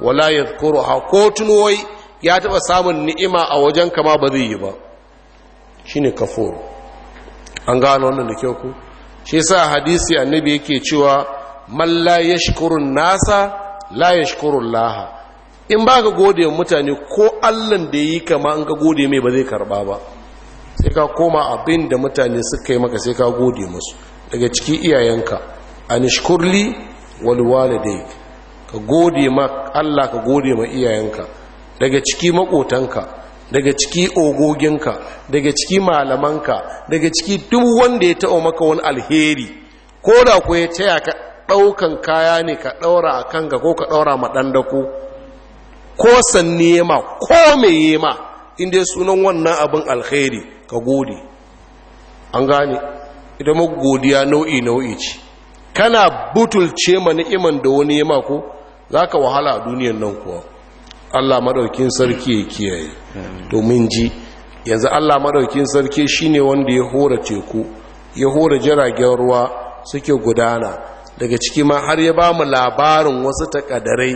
Speaker 1: wala ya ha ko tunuwai ya taɓa samun ni'ima a wajen kama ba zai yi ba shi ne an gano wannan da kyau ku shi sa hadisi annabi yake cewa man la nasa la laha in ba ka gode mutane ko allan da yi kama an ka gode mai ba zai karɓa ba sai ka koma abin da mutane suka yi maka sai ka gode musu daga ciki iyayenka anishkurli walwale dai, ka gode ma Allah ka gode ma iyayenka daga ciki makotanka daga ciki ogoginka daga ciki malamanka daga ciki duk wanda ya taɓa maka wani alheri ko da ku ya taya ka ɗaukan kaya ne ka ɗaura a kanka ko ka ɗaura ma ko sanni ma, ko mai yema inda sunan wannan abin alheri ka gode an gane ita ma godiya nau'i nau'i ce kana butulce ma ni'iman da wani ya mako za ka wahala a duniyan nan kuwa Allah maɗaukin sarki ya kiyaye domin ji yanzu Allah maɗaukin sarki shi ne wanda ya hora teku ya hora jiragen ruwa suke gudana daga ciki ma har ya bamu labarin wasu takadarai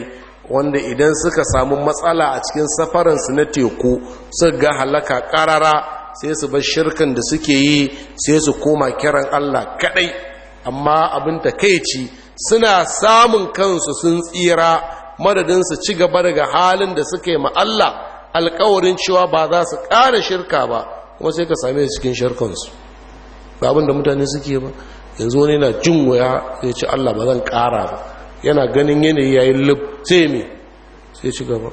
Speaker 1: wanda idan suka samu matsala a cikin safaransu na teku suka ga halaka ƙarara. sai su bar shirkan da suke yi sai su koma kiran Allah kadai amma abin takeici suna samun kansu sun tsira madadin su ci gaba daga halin da suke ma Allah alƙawarin cewa ba za su ƙara shirka ba kuma sai ka same su cikin shirkansu ba abin da mutane suke ba yanzu wani yana jin waya zai ce Allah ba zan ƙara ba yana ganin yanayi yayin lub sai me sai ci gaba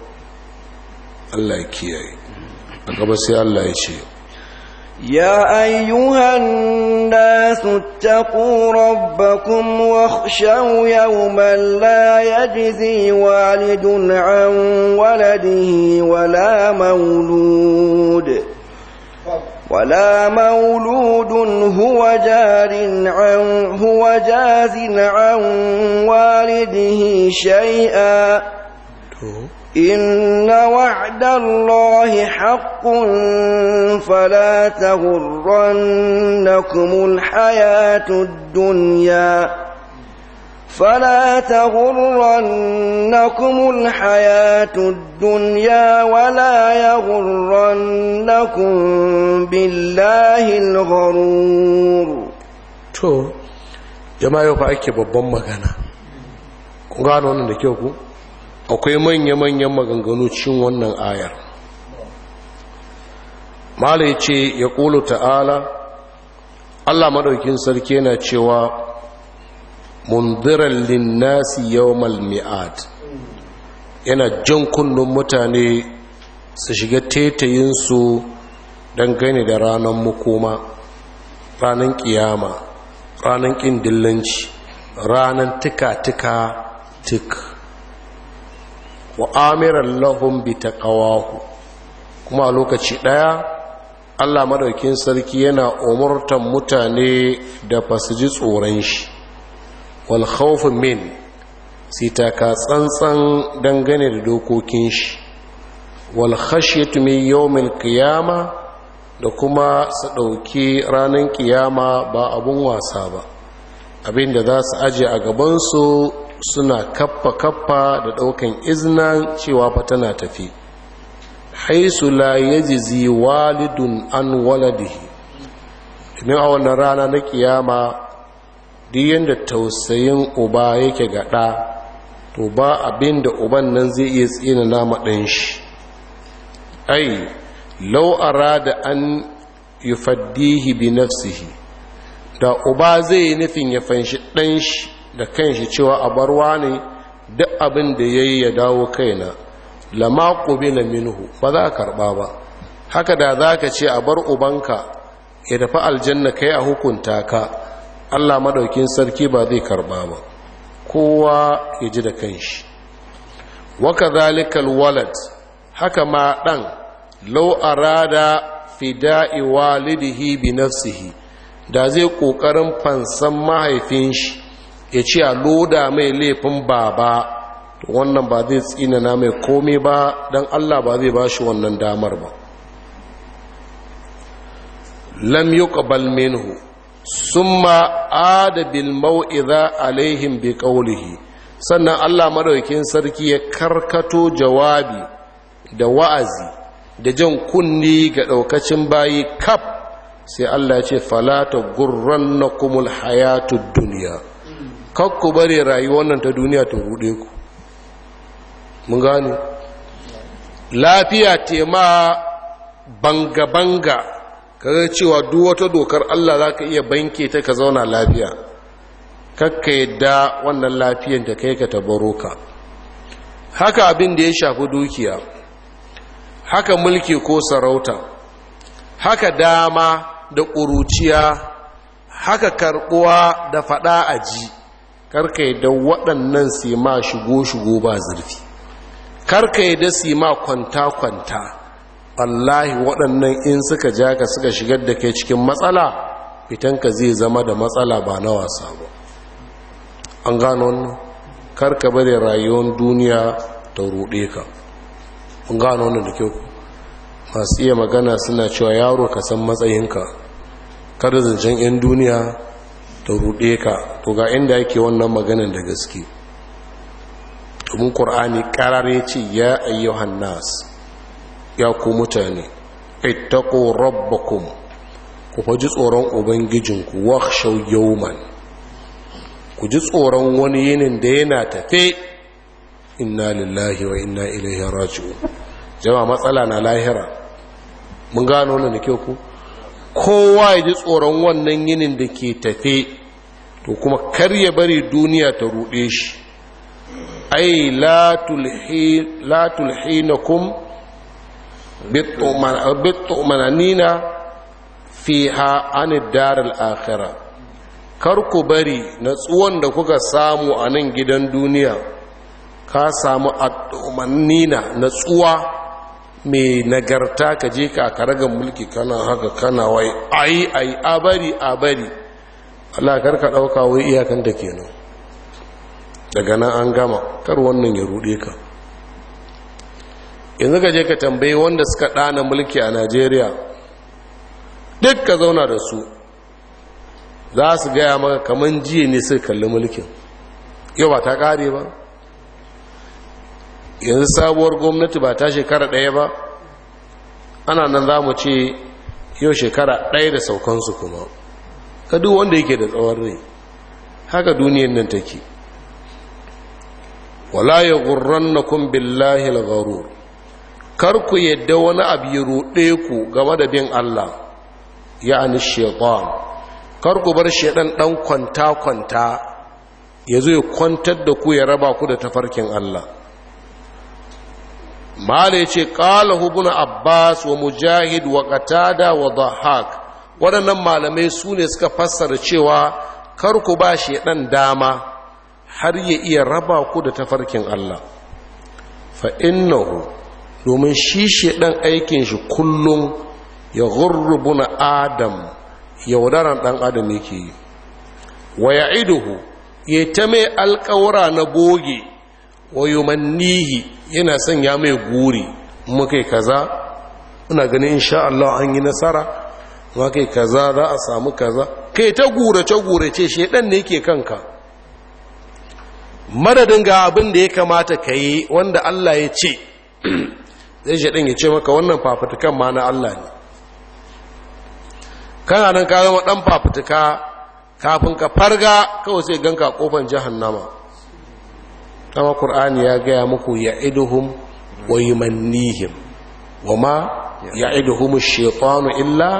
Speaker 1: Allah ya kiyaye a gaba sai Allah ya ce
Speaker 2: يا أيها الناس اتقوا ربكم واخشوا يوما لا يجزي والد عن ولده ولا مولود ولا مولود هو جار عن هو جاز عن والده شيئا إن وعد الله حق فلا تغرنكم الحياة الدنيا فلا تغرنكم الحياة الدنيا ولا يغرنكم بالله الغرور to
Speaker 1: jama'a yau fa ake babban magana kun gano wannan da kyau ku akwai manya-manyan maganganu cin wannan ayar malai ce ya ƙulu ta'ala allah maɗaukin sarki yana cewa mundiran linnasi yau mi'ad yana jan kunnun mutane su shiga tetayinsu don gani da ranar makoma ranar kiyama ranar ƙin ranar tika-tika tik wa amiran lahun bi ta ƙawahu kuma lokaci ɗaya Allah madaukin sarki yana umurtan mutane da fasiji tsoron shi wal khawfu min ka tsantsan dangane da dokokin shi wal khashyatu min yawmil qiyama da kuma su dauki ranan kiyama ba abun wasa ba abinda za su aje a gaban su suna kaffa kaffa da daukan iznan cewa fa tana tafi haisu la zi walidun an waladihi ne a wannan rana na kiyama duk yadda tausayin uba yake gada to ba abin da uban nan zai iya tsina nama ɗanshi. shi ai lau'ara da an yi faddihi bi nafsihi da uba zai yi nufin ya fanshi ɗan shi da kanshi cewa a barwa ne duk abin da ya yi ya dawo kaina lama qubila minhu ba za a karba ba haka da zaka ce a bar ubanka ya tafi aljanna kai a hukunta ka Allah maɗaukin sarki ba zai karba ba kowa ya ji da kanshi wa kadhalika alwalad haka ma dan law arada fida'i walidihi bi nafsihi da zai ƙoƙarin fansan mahaifin shi ya ce a loda mai laifin baba wannan ba zai tsinana mai komai ba don allah ba zai ba shi wannan damar ba lam yuqbal minhu summa ada mau'iza alaihim bi qawlihi sannan allah maraukin sarki ya karkato jawabi da wa'azi da jan kunni ga ɗaukacin bayi kaf sai allah ya ce falata kumul hayatun duniya kakku bare rayuwar nan ta duniya ta rude ku mun gane lafiya ma banga-banga kaga cewa duk wata dokar Allah za ka iya banke ta ka zauna lafiya kakka yadda wannan lafiyan ta kai ka tabaro ka haka abin da ya shafi dukiya haka mulki ko sarauta haka dama da ƙuruciya haka karɓuwa da faɗa a ji karka yadda waɗannan sai ma shigo-shigo ba zurfi karka yi da su ma kwanta-kwanta wallahi waɗannan in suka ja ka suka shigar da ke cikin matsala fitanka zai zama da matsala ba na wasa ba an gano wannan karka bari rayuwar duniya ta ruɗe ka an gano wannan da kyau masu iya magana suna cewa yaro ka san matsayinka kada zancen 'yan duniya ta ruɗe ka to ga inda yake wannan maganin da gaske domin ƙur'ani ya ce ya ayyau hannas ya ku mutane ittaqu rabbakum ku faji tsoron ubangijinku wakhshaw yawman ku ji tsoron wani yinin da yana tafe inna lillahi wa inna ilaihi raju. jama matsala na lahira mun gano wannan da kyau ku kowa ya ji tsoron wannan yinin da ke tafe to kuma kar ya bari duniya ta ruɗe shi ai la tulhinakum bittumananina fiha anid daril akhirah kar ku bari natsuwan da kuka samu a nan gidan duniya ka samu na natsuwa mai nagarta ka je ka karagan mulki kana haka kana wai ai ai a bari a bari Allah karka dauka wai iyakan da kenan daga nan an gama kar wannan ya rude ka yanzu ka je ka tambayi wanda suka ɗana mulki a najeriya duk ka zauna da su za su gaya maka kamar jiya ne suka kalli mulkin yau ba ta ƙare ba yanzu sabuwar gwamnati ba ta shekara ɗaya ba ana nan za mu ce yau shekara ɗaya da saukansu kuma ka duk wanda yake da tsawon rai haka duniyar nan take wala ya gurrannakum billahi al-gharur kar ku yadda wani abu ya ruɗe ku game da bin Allah ya'ani shaytan kar ku bar shaydan dan kwanta kwanta ya zo ya kwantar da ku ya raba ku da tafarkin Allah mala yace qala ibn abbas wa mujahid wa qatada wa dhahak waɗannan malamai su ne suka fassara cewa kar ku ba shaydan dama har ya iya raba ku da tafarkin Allah fa domin shi shaɗan aikin shi kullum ya na adam yaudaran dan adam yake yi wa iduhu ya ta mai alƙawura na boge wa yumannihi yana sanya mai guri muka kaza ina ganin insha Allah an yi nasara muka kaza za a samu kaza kai ta gurace gurace shaɗan ne ke kanka madadin ga abin da ya kamata ka yi wanda Allah ya ce *clears throat* zai shaɗin ya ce maka wannan fafutukan ma na Allah ne kana nan ka zama ɗan fafutuka kafin ka farga kawai sai ganka kofan jahannama kama ƙur'ani ya gaya muku ya iduhun wa wa ma ya iduhum shekwanu illa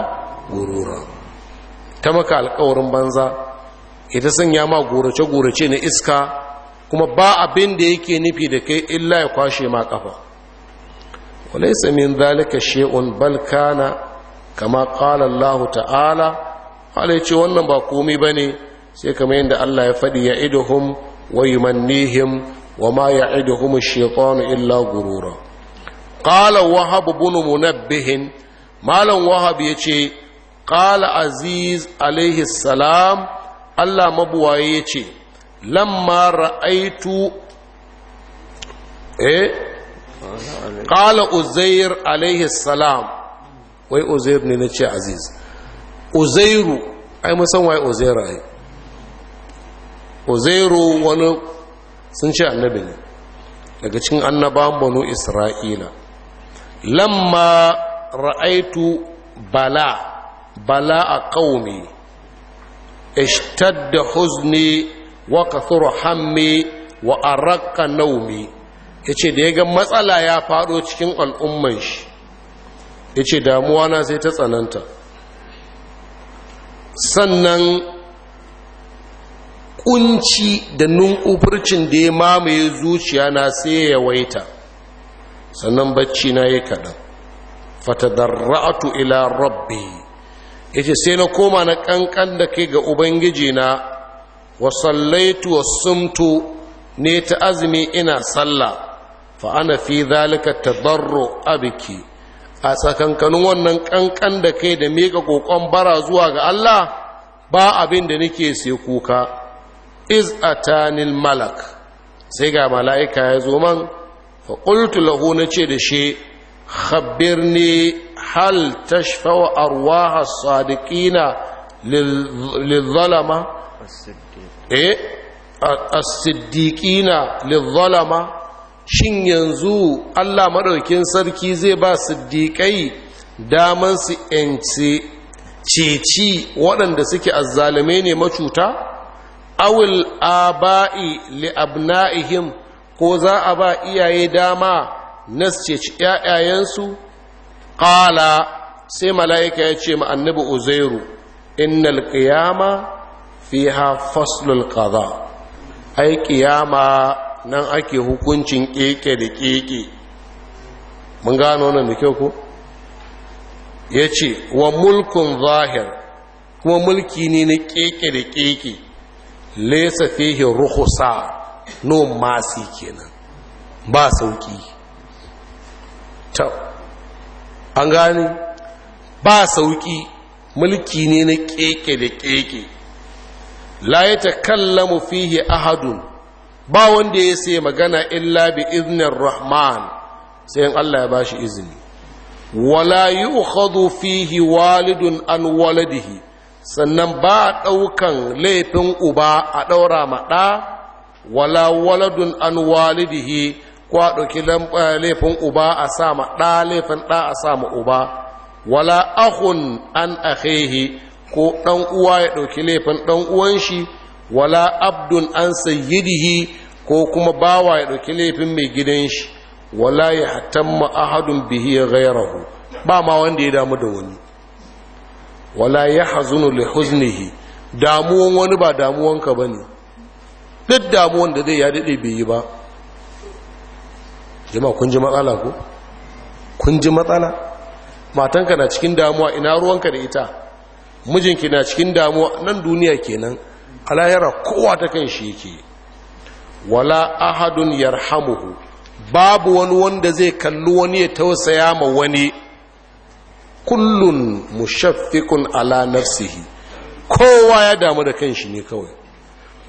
Speaker 1: gurura ta maka alƙawarin banza ita sun yama gorace-gorace na iska kuma ba abin da yake nufi da kai illa ya kwashe ma kafa walaysa min zalika shay'un bal kana kama qala Allah ta'ala alai ce wannan ba komai bane sai kamar yadda Allah ya fadi ya iduhum wa yumannihim wa ma ya'iduhum ash-shaytanu illa gurura qala wahab ibn munabbih malam wahab yace qala aziz alaihi salam Allah mabuwaye yace lamma ra'aitu eh qala uzair alaihi salam wai uzair ne nace aziz uzairu ai mun san wai Uzair ai uzairu wani sun ce annabi ne daga cikin annabawan banu isra'ila lamma ra'aitu bala bala a qaumi ishtadda huzni wa kathura hammi wa araqqa naumi yace da yaga matsala ya faɗo cikin al'umman shi yace damuwa na sai ta tsananta sannan kunci da nunkufurcin da ya mamaye zuciya na sai ya waita sannan bacci na ya kaɗan fatadarra'atu ila rabbi yace sai na koma na kankan da kai ga ubangiji na wa sallaitu sumtu ne ta azumi ina sallah fa ana fi zalika tadarru abiki a tsakankanin wannan kankan da kai da mika kokon bara zuwa ga Allah ba abin da nake siya kuka iz atanil malak sai ga mala'ika ya zo man fa qultu lahu nace da shi khabbirni hal tashfa arwaha as-sadiqina lil zalama eh as-siddiqina lidh-dhalama shin yanzu Allah madaukin sarki zai ba siddiqai daman su ence ceci waɗanda suke azzalame ne macuta awil aba'i li abna'ihim ko za a ba iyaye dama na ceci ƴaƴayensu qala sai mala'ika ya ce ma annabi uzairu innal qiyama fiha faslul qada ai kiyama nan ake hukuncin keke da keke mun gano nan da kyau ko yace wa mulkun zahir kuma mulki ne na keke da keke laysa fihi rukhsa no masi kenan ba sauki ta an gani ba sauki mulki ne na keke da keke la ya takallamu fihi ahadun ba wanda ya sai magana illa bi iznin rahman sai in Allah ya bashi izini wala yu'khadhu fihi walidun an waladihi sannan ba ɗaukan laifin uba a ɗaura ma ɗa wala waladun an walidihi ko a ɗauki eh, laifin uba a sa ma ɗa laifin ɗa a sa ma uba wala ahun an ahehi ko ɗan uwa ya ɗauki laifin ɗan uwan shi wala abdun an sayyidihi ko kuma bawa ya ɗauki laifin mai gidan shi wala ya hatamma ahadun bihi ya ba ma wanda ya damu da wani wala ya hazunu li huznihi damuwan wani ba damuwanka ba ne duk damuwan da zai ya daɗe bai yi ba jama kun ji matsala ko kun ji matsala matanka na cikin damuwa ina ruwanka da ita mijinki na cikin damuwa nan duniya kenan alayara kowa ta kan shi yake wala ahadun yarhamuhu babu wani wanda zai kalli wani ya tausaya ma wani kullun mushaffiqun ala nafsihi kowa ya damu da kanshi ne kawai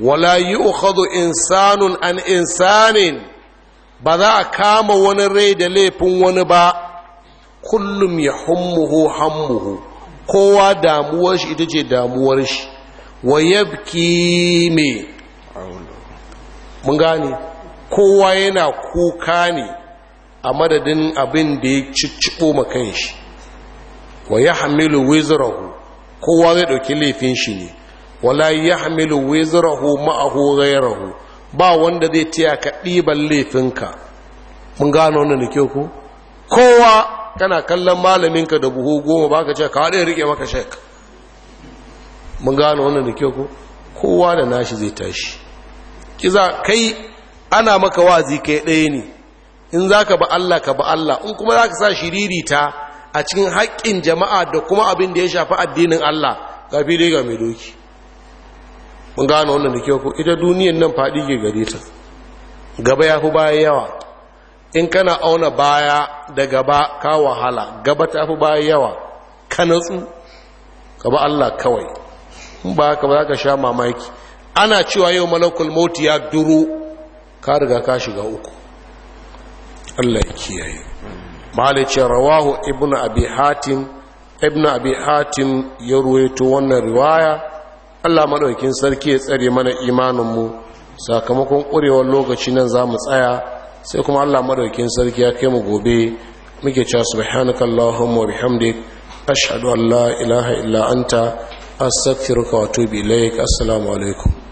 Speaker 1: wala yu'khadhu insanun an insanin ba za a kama wani rai da laifin wani ba kullum ya hummuhu hammuhu kowa damuwar shi ita ce damuwar shi wa yabki me mun gane kowa yana kuka ne a madadin abin da ya cicciɓo makan shi wa ya hamilu wizrahu kowa zai ɗauki laifin shi ne wala ya hamilu wizrahu ma'ahu gairahu ba wanda zai taya ka ɗiban laifinka mun gano wannan da kyau ko kowa kana kallon malaminka da buhu goma ba ka ce ka haɗe rike maka shek mun gano wannan da kyau kowa da nashi zai tashi kiza kai ana maka wazi kai ɗaya ne in za ka ba Allah ka ba Allah in kuma za ka sa ta a cikin haƙƙin jama'a da kuma abin da ya shafi addinin Allah ga fi dai mai doki mun gano wannan da kyau ita duniyan nan faɗi ke gare ta gaba ya fi baya yawa in kana auna baya da gaba ka wahala gaba ta fi baya yawa ka nutsu. ka ba Allah kawai ba ka ba ka sha mamaki ana cewa yau malakul mauti ya duru. ka riga ka shiga uku Allah ya kiyaye malice rawahu ibnu abi hatim ibnu abi hatim ya ruwaito wannan riwaya Allah maɗaukin sarki ya tsare mana imanin mu sakamakon ƙurewar lokaci nan za mu tsaya sai kuma Allah madaukin sarki ya kai mu gobe muke cewa subhanakallahumma wa bihamdik ashhadu an la ilaha illa anta astaghfiruka wa atubu ilaik assalamu alaikum